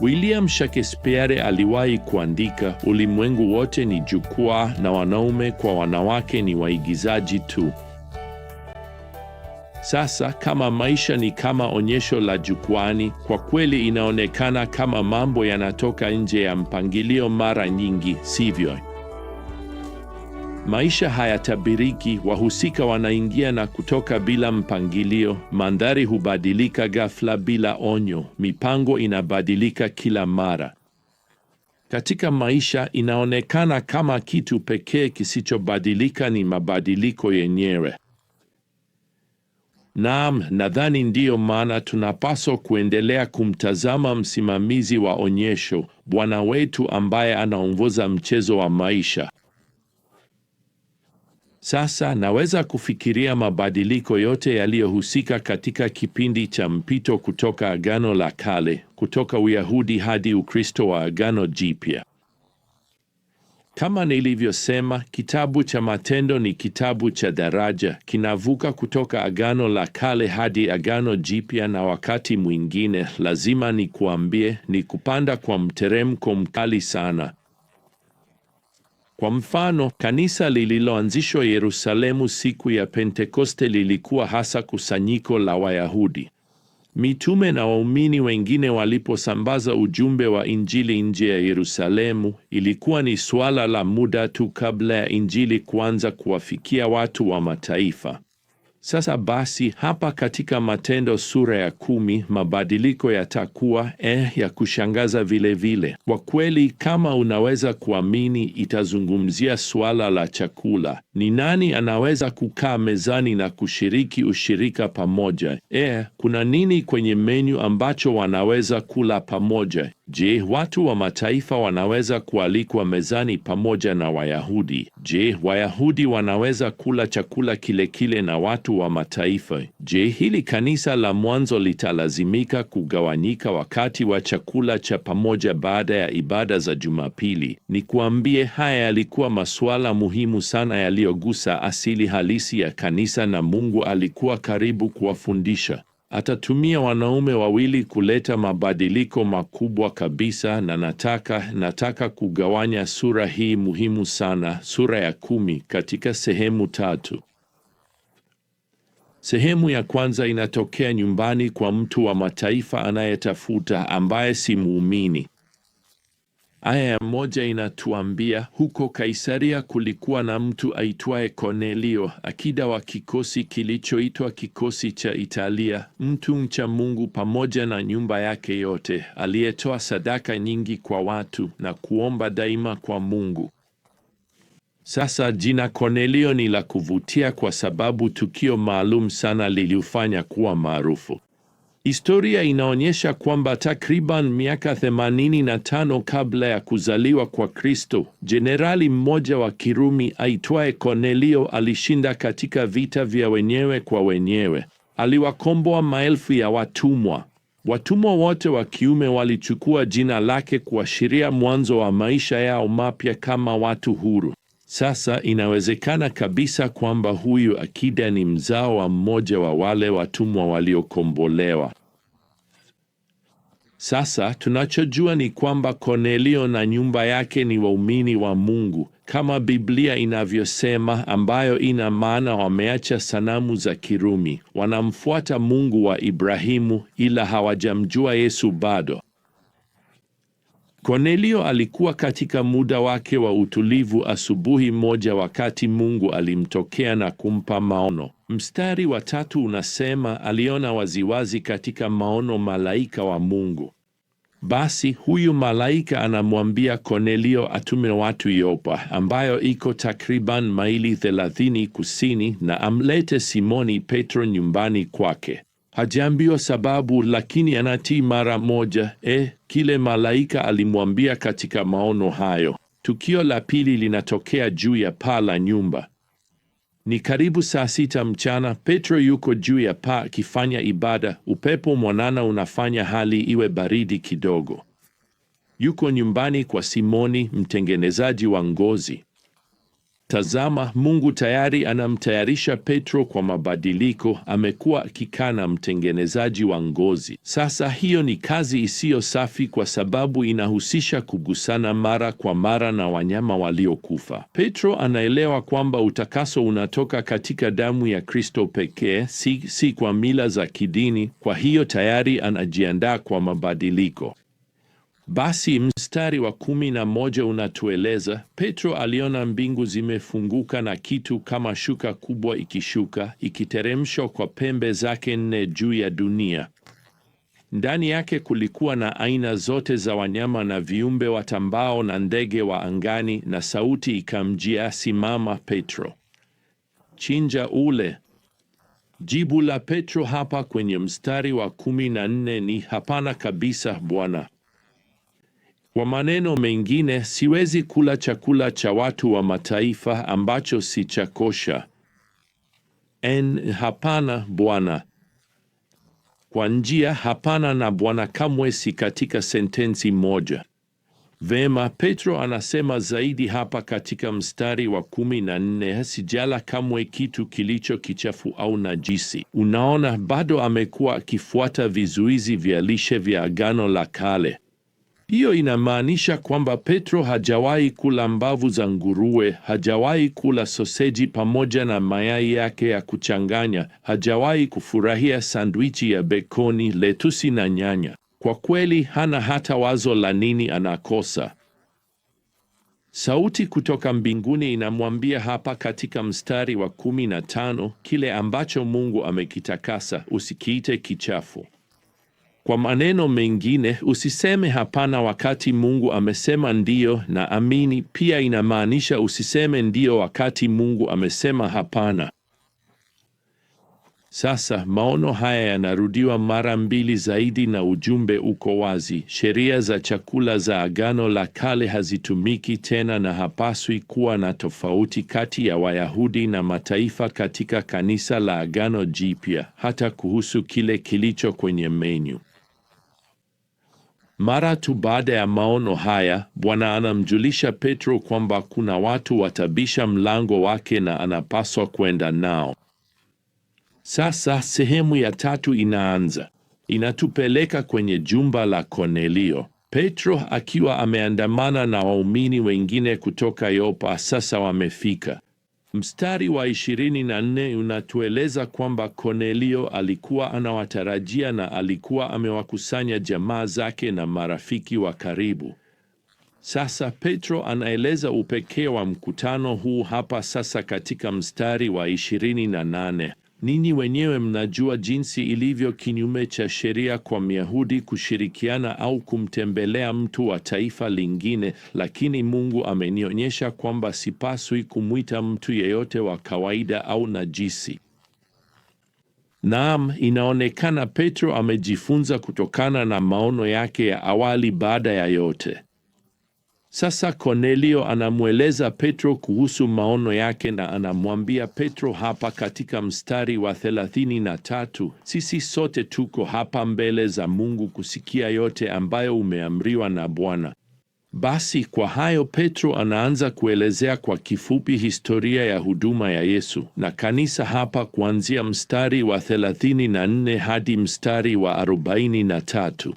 William Shakespeare aliwahi kuandika, ulimwengu wote ni jukwaa na wanaume kwa wanawake ni waigizaji tu. Sasa kama maisha ni kama onyesho la jukwani, kwa kweli inaonekana kama mambo yanatoka nje ya mpangilio mara nyingi, sivyo? Maisha hayatabiriki, wahusika wanaingia na kutoka bila mpangilio, mandhari hubadilika ghafla bila onyo, mipango inabadilika kila mara. Katika maisha inaonekana kama kitu pekee kisichobadilika ni mabadiliko yenyewe. Naam, nadhani ndiyo maana tunapaswa kuendelea kumtazama msimamizi wa onyesho, Bwana wetu ambaye anaongoza mchezo wa maisha. Sasa naweza kufikiria mabadiliko yote yaliyohusika katika kipindi cha mpito kutoka Agano la Kale, kutoka Uyahudi hadi Ukristo wa Agano Jipya. Kama nilivyosema, kitabu cha Matendo ni kitabu cha daraja, kinavuka kutoka Agano la Kale hadi Agano Jipya, na wakati mwingine lazima nikuambie, ni kupanda kwa mteremko mkali sana. Kwa mfano, kanisa lililoanzishwa Yerusalemu siku ya Pentekoste lilikuwa hasa kusanyiko la Wayahudi. Mitume na waumini wengine waliposambaza ujumbe wa Injili nje ya Yerusalemu, ilikuwa ni suala la muda tu kabla ya Injili kuanza kuwafikia watu wa mataifa. Sasa basi, hapa katika Matendo sura ya kumi mabadiliko yatakuwa eh, ya kushangaza vilevile kwa kweli, kama unaweza kuamini. Itazungumzia suala la chakula. Ni nani anaweza kukaa mezani na kushiriki ushirika pamoja? Eh, kuna nini kwenye menyu ambacho wanaweza kula pamoja? Je, watu wa mataifa wanaweza kualikwa mezani pamoja na Wayahudi? Je, Wayahudi wanaweza kula chakula kile kile na watu watu wa mataifa. Je, hili kanisa la mwanzo litalazimika kugawanyika wakati wa chakula cha pamoja baada ya ibada za Jumapili? Nikuambie, haya yalikuwa masuala muhimu sana yaliyogusa asili halisi ya kanisa, na Mungu alikuwa karibu kuwafundisha. Atatumia wanaume wawili kuleta mabadiliko makubwa kabisa, na nataka nataka kugawanya sura hii muhimu sana, sura ya kumi katika sehemu tatu. Sehemu ya kwanza inatokea nyumbani kwa mtu wa mataifa anayetafuta ambaye si muumini. Aya ya moja inatuambia huko Kaisaria kulikuwa na mtu aitwaye Kornelio, akida wa kikosi kilichoitwa kikosi cha Italia, mtu mcha Mungu pamoja na nyumba yake yote, aliyetoa sadaka nyingi kwa watu na kuomba daima kwa Mungu. Sasa jina Kornelio ni la kuvutia kwa sababu tukio maalum sana liliufanya kuwa maarufu. Historia inaonyesha kwamba takriban miaka 85 kabla ya kuzaliwa kwa Kristo, jenerali mmoja wa Kirumi aitwaye Kornelio alishinda katika vita vya wenyewe kwa wenyewe. Aliwakomboa maelfu ya watumwa. Watumwa wote wa kiume walichukua jina lake kuashiria mwanzo wa maisha yao mapya kama watu huru. Sasa inawezekana kabisa kwamba huyu akida ni mzao wa mmoja wa wale watumwa waliokombolewa. Sasa tunachojua ni kwamba Kornelio na nyumba yake ni waumini wa Mungu kama Biblia inavyosema, ambayo ina maana wameacha sanamu za Kirumi, wanamfuata Mungu wa Ibrahimu, ila hawajamjua Yesu bado. Kornelio alikuwa katika muda wake wa utulivu asubuhi moja wakati Mungu alimtokea na kumpa maono. Mstari wa tatu unasema aliona waziwazi katika maono malaika wa Mungu. Basi huyu malaika anamwambia Kornelio atume watu Yopa, ambayo iko takriban maili thelathini kusini, na amlete Simoni Petro nyumbani kwake Hajaambiwa sababu, lakini anatii mara moja e, kile malaika alimwambia katika maono hayo. Tukio la pili linatokea juu ya paa la nyumba. Ni karibu saa sita mchana. Petro yuko juu ya paa akifanya ibada. Upepo mwanana unafanya hali iwe baridi kidogo. Yuko nyumbani kwa Simoni mtengenezaji wa ngozi. Tazama, Mungu tayari anamtayarisha Petro kwa mabadiliko. Amekuwa na mtengenezaji wa ngozi. Sasa hiyo ni kazi isiyo safi, kwa sababu inahusisha kugusana mara kwa mara na wanyama waliokufa. Petro anaelewa kwamba utakaso unatoka katika damu ya Kristo pekee, si, si kwa mila za kidini. Kwa hiyo tayari anajiandaa kwa mabadiliko. Basi mstari wa kumi na moja unatueleza Petro aliona mbingu zimefunguka na kitu kama shuka kubwa ikishuka, ikiteremshwa kwa pembe zake nne juu ya dunia. Ndani yake kulikuwa na aina zote za wanyama na viumbe watambao na ndege wa angani, na sauti ikamjia, simama Petro, chinja ule. Jibu la Petro hapa kwenye mstari wa kumi na nne ni hapana kabisa, Bwana. Kwa maneno mengine, siwezi kula chakula cha watu wa mataifa ambacho si cha kosha. En, hapana bwana. Kwa njia hapana na bwana kamwe si katika sentensi moja. Vema, Petro anasema zaidi hapa katika mstari wa kumi na nne, sijala kamwe kitu kilicho kichafu au najisi. Unaona, bado amekuwa akifuata vizuizi vya lishe vya Agano la Kale. Hiyo inamaanisha kwamba Petro hajawahi kula mbavu za nguruwe, hajawahi kula soseji pamoja na mayai yake ya kuchanganya, hajawahi kufurahia sandwichi ya bekoni, letusi na nyanya. Kwa kweli hana hata wazo la nini anakosa. Sauti kutoka mbinguni inamwambia hapa katika mstari wa 15, kile ambacho Mungu amekitakasa usikiite kichafu. Kwa maneno mengine, usiseme hapana wakati Mungu amesema ndiyo na amini pia inamaanisha usiseme ndiyo wakati Mungu amesema hapana. Sasa maono haya yanarudiwa mara mbili zaidi na ujumbe uko wazi. Sheria za chakula za Agano la Kale hazitumiki tena na hapaswi kuwa na tofauti kati ya Wayahudi na mataifa katika kanisa la Agano Jipya, hata kuhusu kile kilicho kwenye menyu. Mara tu baada ya maono haya, Bwana anamjulisha Petro kwamba kuna watu watabisha mlango wake na anapaswa kwenda nao. Sasa sehemu ya tatu inaanza, inatupeleka kwenye jumba la Kornelio. Petro akiwa ameandamana na waumini wengine kutoka Yopa sasa wamefika. Mstari wa 24 unatueleza kwamba Kornelio alikuwa anawatarajia na alikuwa amewakusanya jamaa zake na marafiki wa karibu. Sasa Petro anaeleza upekee wa mkutano huu hapa sasa katika mstari wa 28 Ninyi wenyewe mnajua jinsi ilivyo kinyume cha sheria kwa Myahudi kushirikiana au kumtembelea mtu wa taifa lingine, lakini Mungu amenionyesha kwamba sipaswi kumwita mtu yeyote wa kawaida au najisi. Naam, inaonekana Petro amejifunza kutokana na maono yake ya awali baada ya yote. Sasa Kornelio anamweleza Petro kuhusu maono yake na anamwambia Petro hapa katika mstari wa thelathini na tatu, sisi sote tuko hapa mbele za Mungu kusikia yote ambayo umeamriwa na Bwana. Basi kwa hayo Petro anaanza kuelezea kwa kifupi historia ya huduma ya Yesu na kanisa hapa kuanzia mstari wa 34 hadi mstari wa 43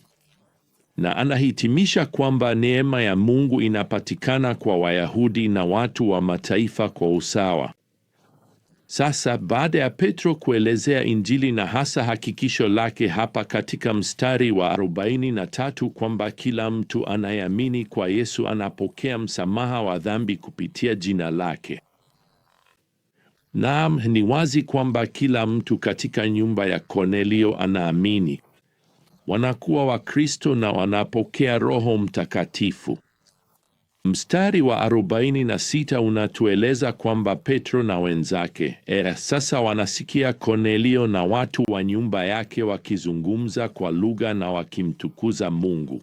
na anahitimisha kwamba neema ya Mungu inapatikana kwa Wayahudi na watu wa mataifa kwa usawa. Sasa baada ya Petro kuelezea Injili na hasa hakikisho lake hapa katika mstari wa 43 kwamba kila mtu anayeamini kwa Yesu anapokea msamaha wa dhambi kupitia jina lake. Naam, ni wazi kwamba kila mtu katika nyumba ya Kornelio anaamini wanakuwa Wakristo na wanapokea Roho Mtakatifu. Mstari wa 46 unatueleza kwamba Petro na wenzake e, sasa wanasikia Kornelio na watu wa nyumba yake wakizungumza kwa lugha na wakimtukuza Mungu.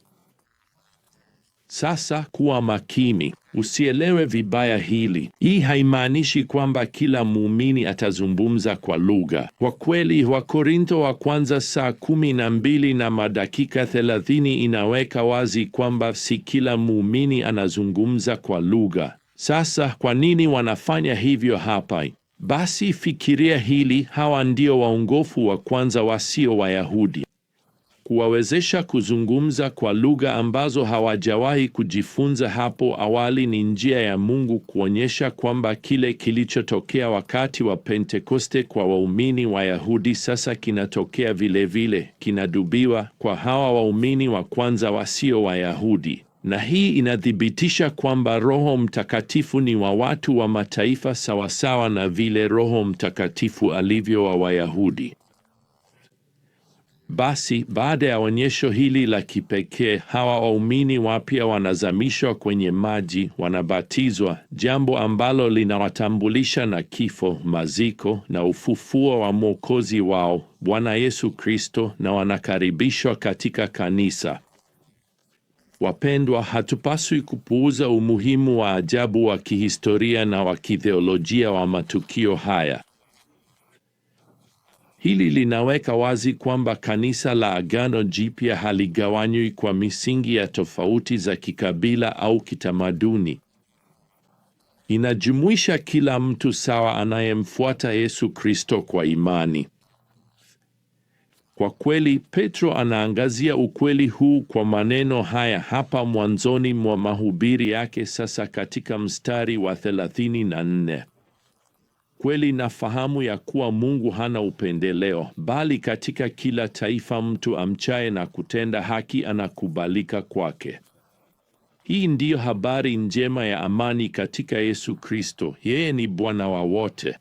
Sasa kuwa makini, usielewe vibaya hili. Hii haimaanishi kwamba kila muumini atazungumza kwa lugha. Kwa kweli, Wakorintho wa kwanza saa kumi na mbili na madakika thelathini inaweka wazi kwamba si kila muumini anazungumza kwa lugha. Sasa kwa nini wanafanya hivyo hapa? Basi fikiria hili. Hawa ndio waongofu wa kwanza wasio Wayahudi. Kuwawezesha kuzungumza kwa lugha ambazo hawajawahi kujifunza hapo awali ni njia ya Mungu kuonyesha kwamba kile kilichotokea wakati wa Pentekoste kwa waumini Wayahudi sasa kinatokea vilevile, kinadubiwa kwa hawa waumini wa kwanza wasio Wayahudi. Na hii inathibitisha kwamba Roho Mtakatifu ni wa watu wa mataifa sawasawa na vile Roho Mtakatifu alivyo wa Wayahudi. Basi baada ya onyesho hili la kipekee, hawa waumini wapya wanazamishwa kwenye maji, wanabatizwa, jambo ambalo linawatambulisha na kifo, maziko na ufufuo wa Mwokozi wao Bwana Yesu Kristo, na wanakaribishwa katika kanisa. Wapendwa, hatupaswi kupuuza umuhimu wa ajabu wa kihistoria na wa kitheolojia wa matukio haya. Hili linaweka wazi kwamba kanisa la Agano Jipya haligawanywi kwa misingi ya tofauti za kikabila au kitamaduni. Inajumuisha kila mtu sawa anayemfuata Yesu Kristo kwa imani. Kwa kweli, Petro anaangazia ukweli huu kwa maneno haya hapa mwanzoni mwa mahubiri yake, sasa katika mstari wa 34. Kweli nafahamu ya kuwa Mungu hana upendeleo, bali katika kila taifa mtu amchaye na kutenda haki anakubalika kwake. Hii ndiyo habari njema ya amani katika Yesu Kristo. Yeye ni Bwana wa wote.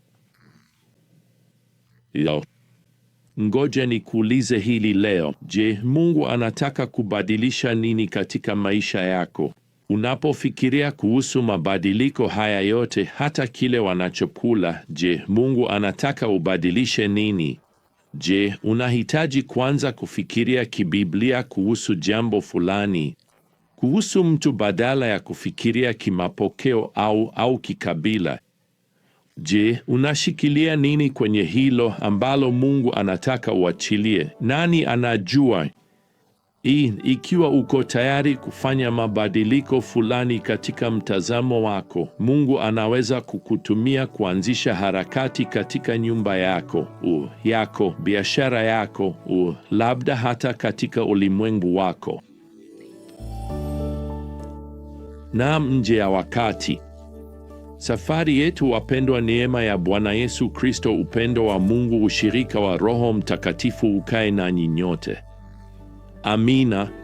Ngoja nikuulize hili leo. Je, Mungu anataka kubadilisha nini katika maisha yako? Unapofikiria kuhusu mabadiliko haya yote, hata kile wanachokula, je, Mungu anataka ubadilishe nini? Je, unahitaji kwanza kufikiria kibiblia kuhusu jambo fulani, kuhusu mtu badala ya kufikiria kimapokeo au au kikabila? Je, unashikilia nini kwenye hilo ambalo Mungu anataka uachilie? Nani anajua? I, ikiwa uko tayari kufanya mabadiliko fulani katika mtazamo wako, Mungu anaweza kukutumia kuanzisha harakati katika nyumba yako u yako, biashara yako u, labda hata katika ulimwengu wako na nje ya wakati. Safari yetu wapendwa, neema ya Bwana Yesu Kristo, upendo wa Mungu, ushirika wa Roho Mtakatifu ukae nanyi nyote. Amina.